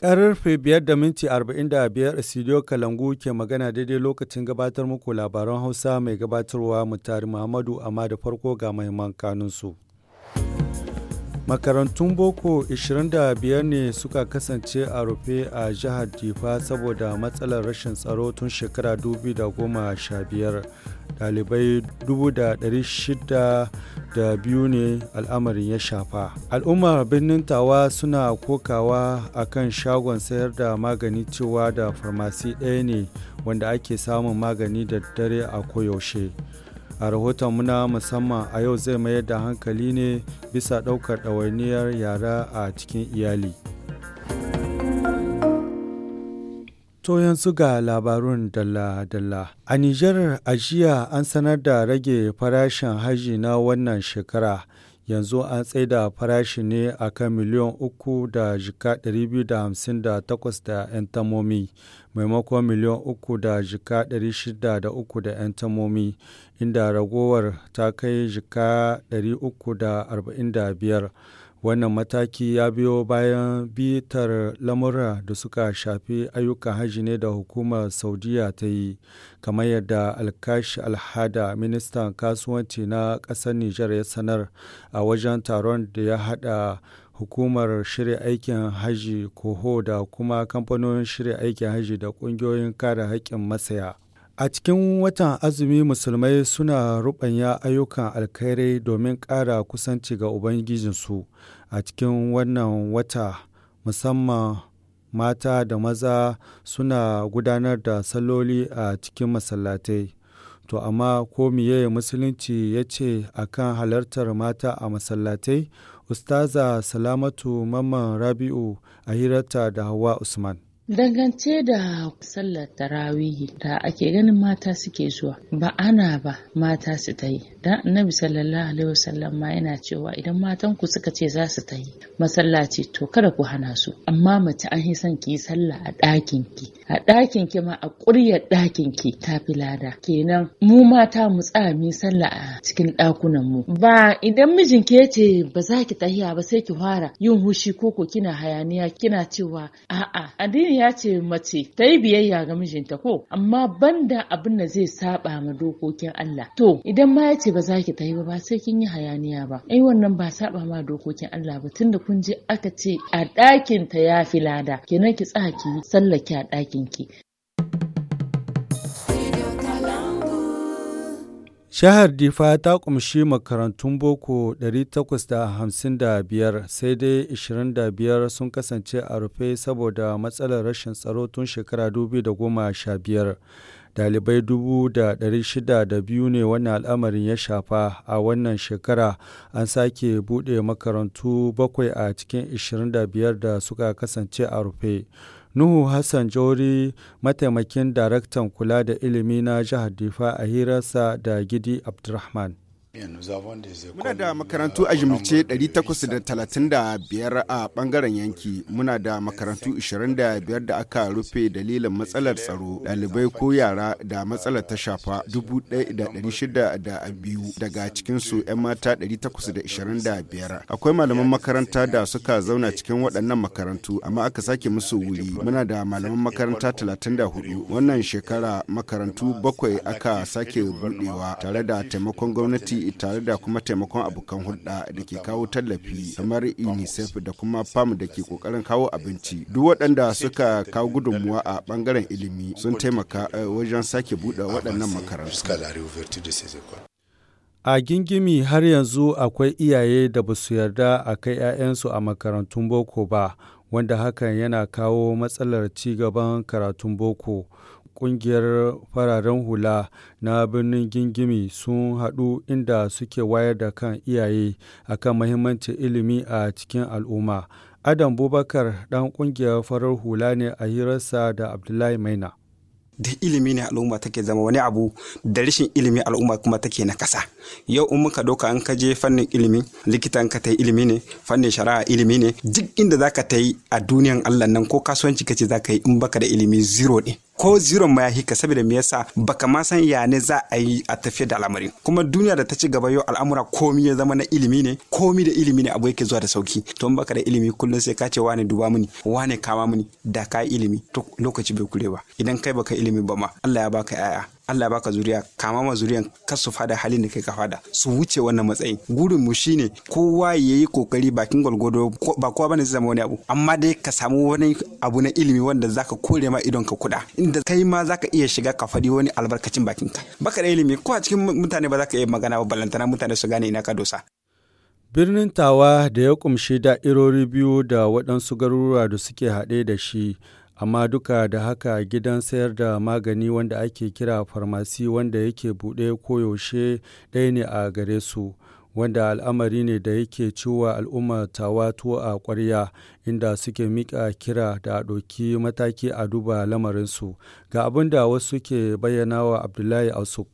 Karfe biyar da minti arba'in da biyar Studio Kalangu ke magana daidai lokacin gabatar muku labaran Hausa mai gabatarwa Mutari Muhammadu amma da farko ga mahimman kanunsu. makarantun boko 25 ne suka kasance a rufe a jihar difa saboda matsalar rashin tsaro tun shekara 2015 dalibai 602 ne al'amarin ya shafa al'ummar birnin tawa suna kokawa a kan shagon sayar da magani cewa da farmasi ɗaya ne wanda ake samun magani da dare a koyaushe a rahoton muna musamman a yau zai mayar da hankali ne bisa ɗaukar ɗawainiyar yara a cikin iyali To yanzu ga labarun dalla-dalla. A Nijar a jiya an sanar da rage farashin haji na wannan shekara yanzu an tsaida farashi ne a kan miliyan uku da jika ɗari biyu da hamsin da takwas da 'yan tamomi maimakon miliyan uku da jika ɗari shida da uku da 'yan tamomi inda ragowar ta kai jika ɗari uku da arba'in da biyar Wannan mataki ya biyo bayan bitar lamura da suka shafi ayyukan hajji ne da hukumar Saudiya ta yi, kamar yadda Alkash Alhada, ministan kasuwanci na ƙasar Nijar ya sanar a wajen taron da ya haɗa hukumar shirya aikin hajji koho da kuma kamfanonin shirya aikin hajji da ƙungiyoyin kare haƙƙin masaya. A cikin watan azumi musulmai suna rubanya ayyukan alkhairai domin ƙara kusanci ga Ubangijinsu. a cikin wannan wata musamman mata da maza suna gudanar da saloli a cikin masallatai to amma ko miye musulunci ya ce a kan halartar mata a masallatai ustaza salamatu mamman rabi'u a hirarta da hawa usman Dangance da sallar tarawihi da ake ganin mata suke zuwa, ba ana ba mata su ta yi, dan annabi sallallahu alaihi wasallam ma yana cewa idan matan ku suka ce za su tafi masallaci to kada ku hana su amma mace an son ki yi sallah a ɗakin ki a ɗakin ki ma a ƙuryar ɗakin ki ta fi lada kenan mu mata mu tsami mu sallah a cikin ɗakunan mu ba idan mijin ke ce ba za ki tahiya ba sai ki fara yin hushi ko ko kina hayaniya kina cewa a'a addini ya ce mace ta yi biyayya ga mijinta ko amma banda abin da zai saba ma dokokin Allah to idan ma ya ce ba za ki ta yi ba sai kin yi hayaniya ba ai wannan ba saba ma dokokin Allah ba tunda kun je aka ce a ɗakin ta ya fi lada kenan ki tsaya ki sallake a ɗakin ki Shahar Difa ta kumshi makarantun boko 855 sai dai 25 sun kasance a rufe saboda matsalar rashin tsaro tun shekara 2015. Dalibai dubu da ɗari shida da biyu ne wannan al'amarin ya shafa a wannan shekara an sake buɗe makarantu bakwai a cikin 25 da suka kasance a rufe. Nuhu Hassan jori mataimakin daraktan kula da ilimi na jihar Difa a hirarsa da Gidi Abdulrahman. Muna da makarantu a jimilce 835 a bangaren yanki, muna da makarantu 25 da aka rufe dalilin matsalar tsaro, ɗalibai ko yara da matsalar ta shafa 1,602 daga cikinsu 'yan mata 825. Akwai malaman makaranta da suka zauna cikin waɗannan makarantu, amma aka sake musu wuri. Muna da malaman makaranta 34, wannan shekara makarantu bakwai aka sake buɗewa tare da taimakon gwamnati tare da kuma taimakon abokan hulɗa da ke kawo tallafi kamar unicef da kuma fam da ke kokarin kawo abinci duk waɗanda suka kawo gudunmuwa a ɓangaren ilimi sun taimaka eh, wajen sake buɗe waɗannan makarantu A gingimi har yanzu akwai iyaye da ba su yarda a kai 'ya'yansu a makarantun boko ba, wanda hakan yana kawo matsalar ci gaban karatun boko. ƙungiyar fararen hula na birnin gingimi sun haɗu inda suke wayar da kan iyaye akan mahimmancin ilimi a cikin al'umma. Adam Bubakar ɗan ƙungiyar farar hula ne a hirarsa da Abdullahi Maina. da ilimi ne al'umma take zama wani abu da rashin ilimi al'umma kuma take na kasa yau in muka doka an ka je fannin ilimi likitan ka ta yi ilimi ne fannin shari'a ilimi ne duk inda zaka ta yi a duniyan Allah nan ko kasuwanci kace zaka yi in baka da ilimi zero ne ko ziron ma ya hika saboda me yasa baka ma san ya ne za a yi a tafiyar da al'amarin kuma duniya da ta ci gaba yau al'amura komi ya zama na ilimi ne komi da ilimi ne abu yake zuwa da sauki to baka da ilimi kullum sai ka ce wane duba mini wane kama mini da ka ilimi to lokaci bai kure ba idan kai baka ilimi ba ma Allah ya baka yaya Allah baka zuriya kama ma zuriyan kar su fada halin da kai ka fada su wuce wannan matsayin gurin mu shine kowa yayi kokari bakin gwalgwado ba kowa bane zai zama wani abu amma dai ka samu wani abu na ilimi wanda zaka kore ma idon ka kuda inda kai ma zaka iya shiga ka fadi wani albarkacin bakin ka baka da ilimi ko a cikin mutane ba zaka iya magana ba ballantana mutane su gane ina ka dosa birnin tawa da ya kumshi da'irori biyu da waɗansu garuruwa da suke haɗe da shi amma duka da haka gidan sayar da magani wanda ake kira farmasi wanda yake buɗe koyaushe ɗaya ne a gare su wanda al'amari ne da yake ciwa al'umma wato a ƙwarya inda suke miƙa kira da a ɗauki mataki a duba lamarinsu ga abin da wasu ke bayyana wa abdullahi asuk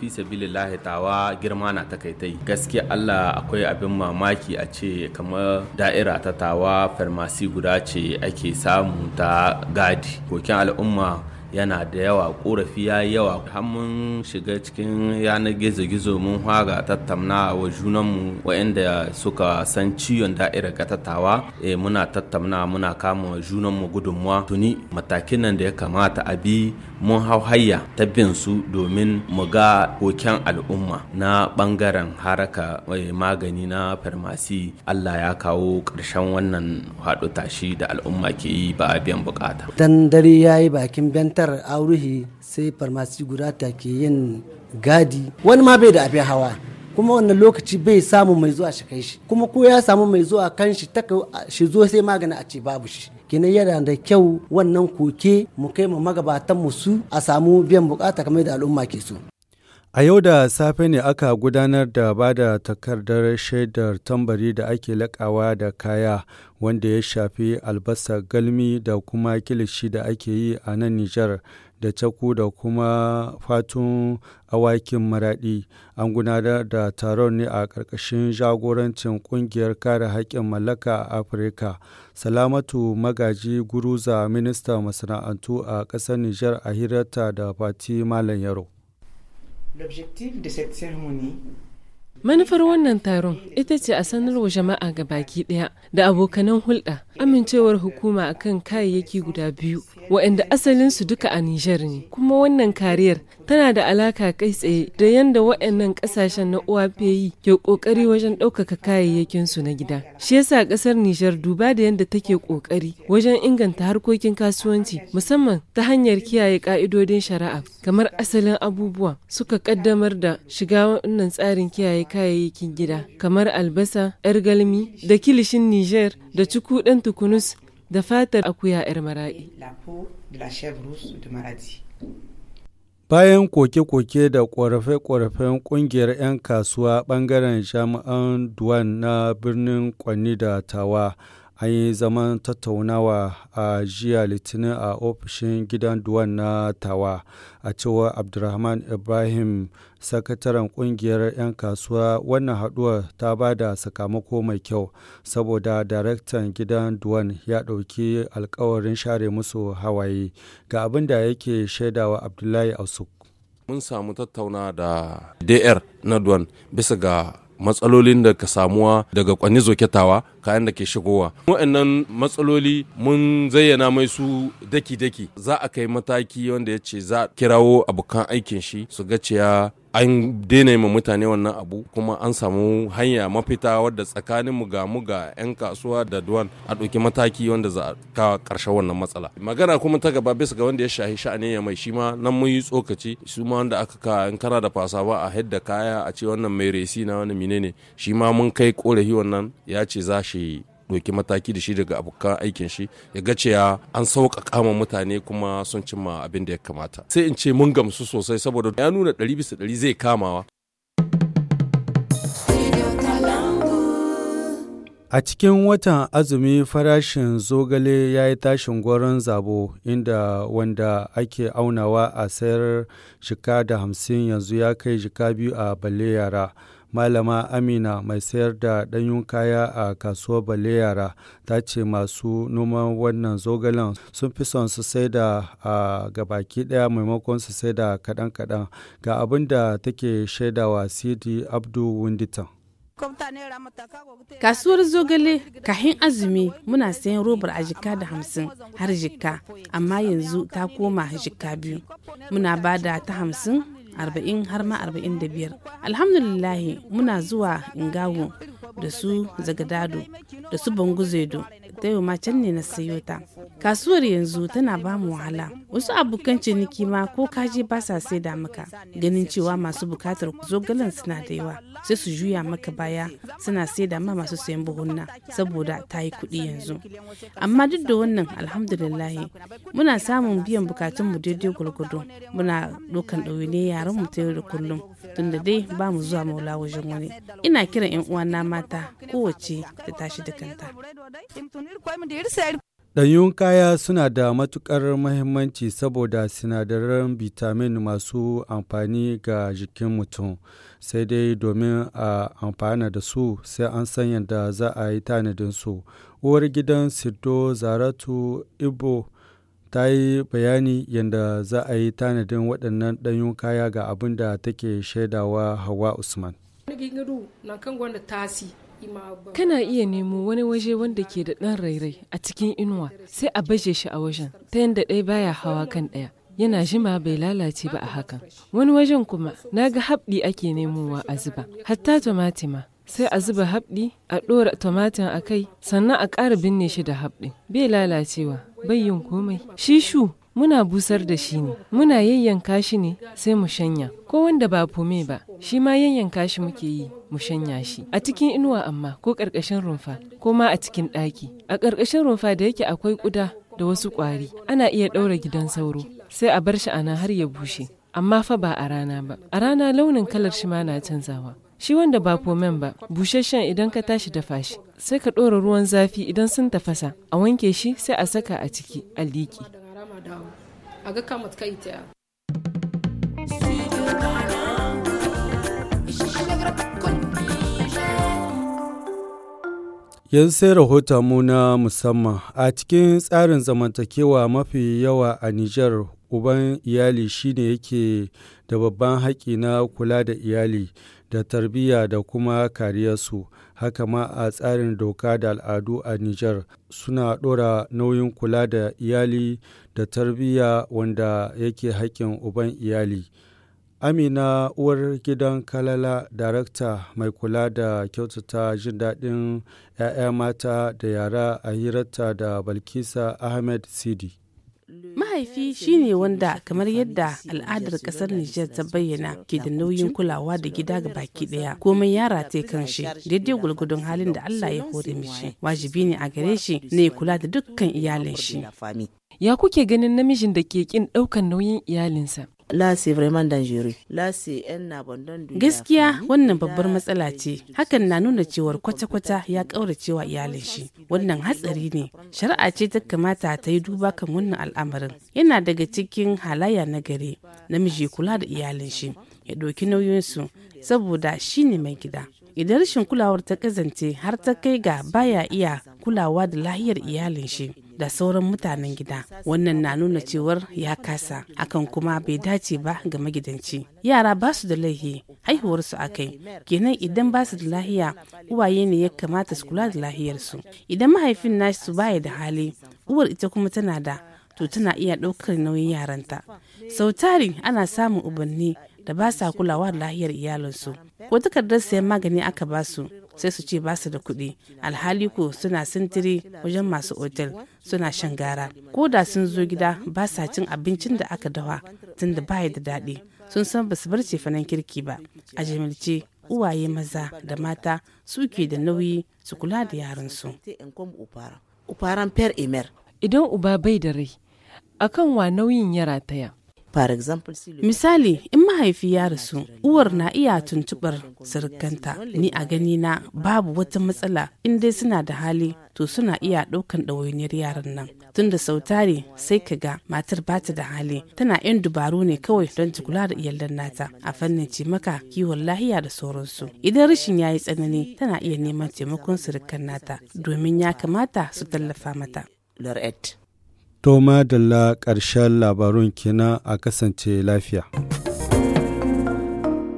fi sabilillahi tawa girma na takaitai gaskiya Allah akwai abin mamaki a ce kamar da'ira ta tawa farmasi guda ce ake samu ta gadi kokin al'umma yana da yawa korafi ya yi yawa har mun shiga cikin yanar gizo-gizo mun haga tattamna wa junanmu waɗanda suka san ciwon da'ira katatawa e, eh, muna tattauna muna kama wa junanmu gudunmuwa tuni matakin nan da ya kamata a bi mun hau hayya ta bin su domin mu ga koken al'umma na bangaren haraka eh, magani na farmasi allah ya kawo ƙarshen wannan haɗu tashi da al'umma ke yi ba a biyan bukata dan dare ya yi bakin benta makarantar auruhi sai farmasi guda ta ke yin gadi wani ma bai da abin hawa kuma wannan lokaci bai samu mai zuwa shi kai shi kuma ko ya samu mai zuwa kan shi ta shi zo sai magana a ce babu shi kenan yana da kyau wannan koke mu kai mu magabatan mu su a samu biyan bukata kamar da al'umma ke so A yau da safe ne aka gudanar da ba da takardar shaidar tambari da ake laƙawa da kaya wanda ya shafi albasa galmi da kuma kilishi da ake yi a nan Nijar da caku da kuma fatun awakin maraɗi. An gudanar da taron ne a ƙarƙashin jagorancin ƙungiyar kare haƙƙin mallaka a Afirka. Salamatu Magaji Guruza, ministan masana'antu a ƙasar Nijar a hirarta da Fati Malam Yaro. Manufar wannan taron ita ce a sanarwa jama'a ga baki ɗaya da abokanan hulɗa amincewar hukuma akan kayayyaki guda biyu waɗanda asalinsu duka a Nijar ne. Kuma wannan kariyar tana da alaka kai tsaye da yadda waɗannan ƙasashen na OAPI e ke ƙoƙari wajen ɗaukaka kayayyakin su na gida. Shi yasa ƙasar Nijar duba da yadda take ƙoƙari wajen inganta harkokin kasuwanci musamman ta hanyar kiyaye ƙa'idodin shari'a kamar asalin abubuwa suka ƙaddamar da shiga wannan tsarin kiyaye kayayyakin gida kamar albasa, 'yar galmi da kilishin Nijar da cuku ɗan tukunus da fatar akuya 'yar maraɗi. Bayan koke-koke da ƙorafe-ƙorafen ƙungiyar 'yan kasuwa ɓangaren jami'an Duwan na birnin Kwani da Tawa, an yi zaman tattaunawa a jiya litinin a ofishin gidan duwan na tawa a cewar abdulrahman ibrahim sakataren kungiyar 'yan kasuwa wannan haduwar ta ba da sakamako mai kyau saboda daraktan gidan duwan ya dauki alkawarin share musu hawaye ga abin da yake shaidawa abdullahi asuk mun samu tattauna da dr na duwan bisa ga matsalolin da ka samuwa daga kwanni zoketawa kayan da ke shigowa wa'annan matsaloli mun zayyana mai su daki-daki za a kai mataki wanda ya ce za a kirawo abokan aikin shi su ga cewa an daina ma mutane wannan abu kuma an samu hanya mafita wadda tsakanin mu ga mu ga 'yan kasuwa da duwan a ɗauki mataki wanda za a kawo wannan matsala magana kuma ta gaba bisa ga wanda ya shahi sha'ani ya mai shi ma nan mun yi tsokaci su ma wanda aka ka in kana da fasa ba a hidda kaya a ce wannan mai resi na wani menene shi ma mun kai korafi wannan ya ce za shi doki mataki da shi daga abokan aikin shi ya ga cewa an sauƙaƙa ma mutane kuma sun cimma abin da ya kamata sai in ce mun gamsu sosai saboda ya nuna ɗari bisa ɗari zai kamawa A cikin watan azumi farashin zogale ya yi tashin gwaron zabo inda wanda ake aunawa a sayar shika da hamsin yanzu ya kai jika biyu a balle yara. Malama Amina mai sayar da ɗanyun kaya a kasuwar Bale ta ce masu noman wannan zogalen sun fi son su sai da a gabaki ɗaya maimakon su sai da kaɗan-kaɗan ga abin da take shaidawa Sidi Abdu Winditan. Kasuwar zogale kahin azumi muna sayan robar a jika da hamsin har jika amma yanzu ta koma jika biyu. Muna bada ta hamsin arba'in har ma arba'in da biyar alhamdulillahi muna zuwa ingawo da su zagadado da su banguzedo ta yau ma can ne na sayo ta kasuwar yanzu tana ba mu wahala wasu abokan ciniki ma ko kaje ba sa sai da maka ganin cewa masu bukatar zogalen suna da yawa sai su juya maka baya suna sai da ma masu sayan buhunna saboda ta yi kuɗi yanzu amma duk da wannan alhamdulillahi muna samun biyan bukatunmu daidai gwargwado muna ɗaukan ɗauniya taron mu ta yau kullum tunda dai ba mu zuwa maula wajen wani ina kiran yan uwana mata kowace ta tashi da kanta Ɗanyun kaya suna da matuƙar mahimmanci saboda sinadaran bitamin masu amfani ga jikin mutum, sai dai domin a amfana da su sai an san yadda za a yi tanadin su. Uwar gidan Sido Zaratu Ibo ta yi bayani yadda za a yi tanadin waɗannan ɗanyun kaya ga abin da take shaidawa hawa usman kana iya nemo wani waje wanda ke da ɗan rairai a cikin inuwa sai a baje shi a wajen ta yadda ɗaya baya hawa kan ɗaya yana jima bai lalace ba a hakan wani wajen kuma na ga haɓɗi ake nemowa a zuba hatta tumatima sai a zuba habɗi a ɗora tumatin a kai sannan a ƙara binne shi da habɗin bai lalacewa bai yin komai shi shu muna busar da shi ne muna yayyanka shi ne sai mu shanya ko wanda ba fome ba shi ma yayyanka shi muke yi mu shanya shi a cikin inuwa amma ko ƙarƙashin rumfa ko ma a cikin ɗaki a ƙarƙashin rumfa da yake akwai ƙuda da wasu ƙwari ana iya ɗaura gidan sauro sai a bar shi a nan har ya bushe amma fa ba a rana ba a rana launin kalar shi ma na canzawa Shi wanda ba fomen ba, busasshen idan ka tashi dafa shi, sai ka ɗora ruwan zafi idan sun tafasa, a wanke shi sai a saka a ciki, a liƙi. Yanzu sai rahoton mu na musamman a cikin tsarin zamantakewa mafi yawa a Nijar uban iyali shine yake da babban haƙƙi na kula da iyali da tarbiyya da kuma kariyarsu haka ma a tsarin doka da al'adu a Nijar suna ɗora nauyin kula da iyali da tarbiyya wanda yake haƙƙin uban iyali. Amina uwar gidan Kalala darakta mai kula da kyautata jin daɗin 'ya'ya mata da yara a hirarta da Balkisa Ahmed Sidi. mahaifi shine wanda kamar yadda al'adar kasar Nijar ta bayyana ke da nauyin kulawa da gida ga baki daya komai yara ta kan shi daidai gulgudun halin da Allah ya hore mishi wajibi ne a gare shi ne kula da dukkan iyalin shi ya kuke ganin namijin da ke kin daukan nauyin iyalinsa Gaskiya wannan babbar matsala ce, hakan na nuna cewar kwata-kwata ya ƙauracewa iyalin shi. Wannan hatsari ne, shari'a ce ta kamata ta yi duba kan wannan al'amarin. Yana daga cikin halayya na gare, namiji kula da iyalin shi, ya ɗauki nauyinsu, saboda shi ne mai gida. Idan rashin kulawar ta kazance har ta kai ga baya iya kulawa da lahiyar iyalin shi, da sauran mutanen gida wannan na nuna cewar ya kasa akan kuma bai dace ba ga magidanci yara ba su da laihi haihuwarsu a kai kenan idan ba su da lahiya uwaye ne ya kamata su kula da lahiyarsu idan mahaifin nasu baya da hali uwar ita kuma tana da to tana iya ɗaukar nauyin yaranta sau tari ana samun ubanni da ba sa kulawa da lahiyar iyalinsu ko takardar sayan magani aka ba su sai su ce ba su da kuɗi alhali ko suna sintiri wajen masu otel suna shan gara ko da sun zo gida ba sa cin abincin da aka dawa tun da ba da daɗi sun san ba su bar cefanen kirki ba a jimilce uwaye maza da mata suke da nauyi su kula da yaransu. Idan uba bai da rai, akan wa nauyin yara taya Misali, in mahaifi ya rasu, uwar na iya tuntuɓar surukanta ni a gani na babu wata matsala in dai suna da hali to suna iya ɗaukan ɗawainiyar yaran nan. Tunda sautari sai ka ga matar bata da hali tana yan dubaru ne kawai don ta kula da iyalan nata a fannin cimaka kiwon lahiya da sauransu. Idan rashin ya yi tsanani tana iya neman taimakon surukan nata domin ya kamata su tallafa mata. Lorette. To madalla ƙarshen labarun kina a kasance lafiya.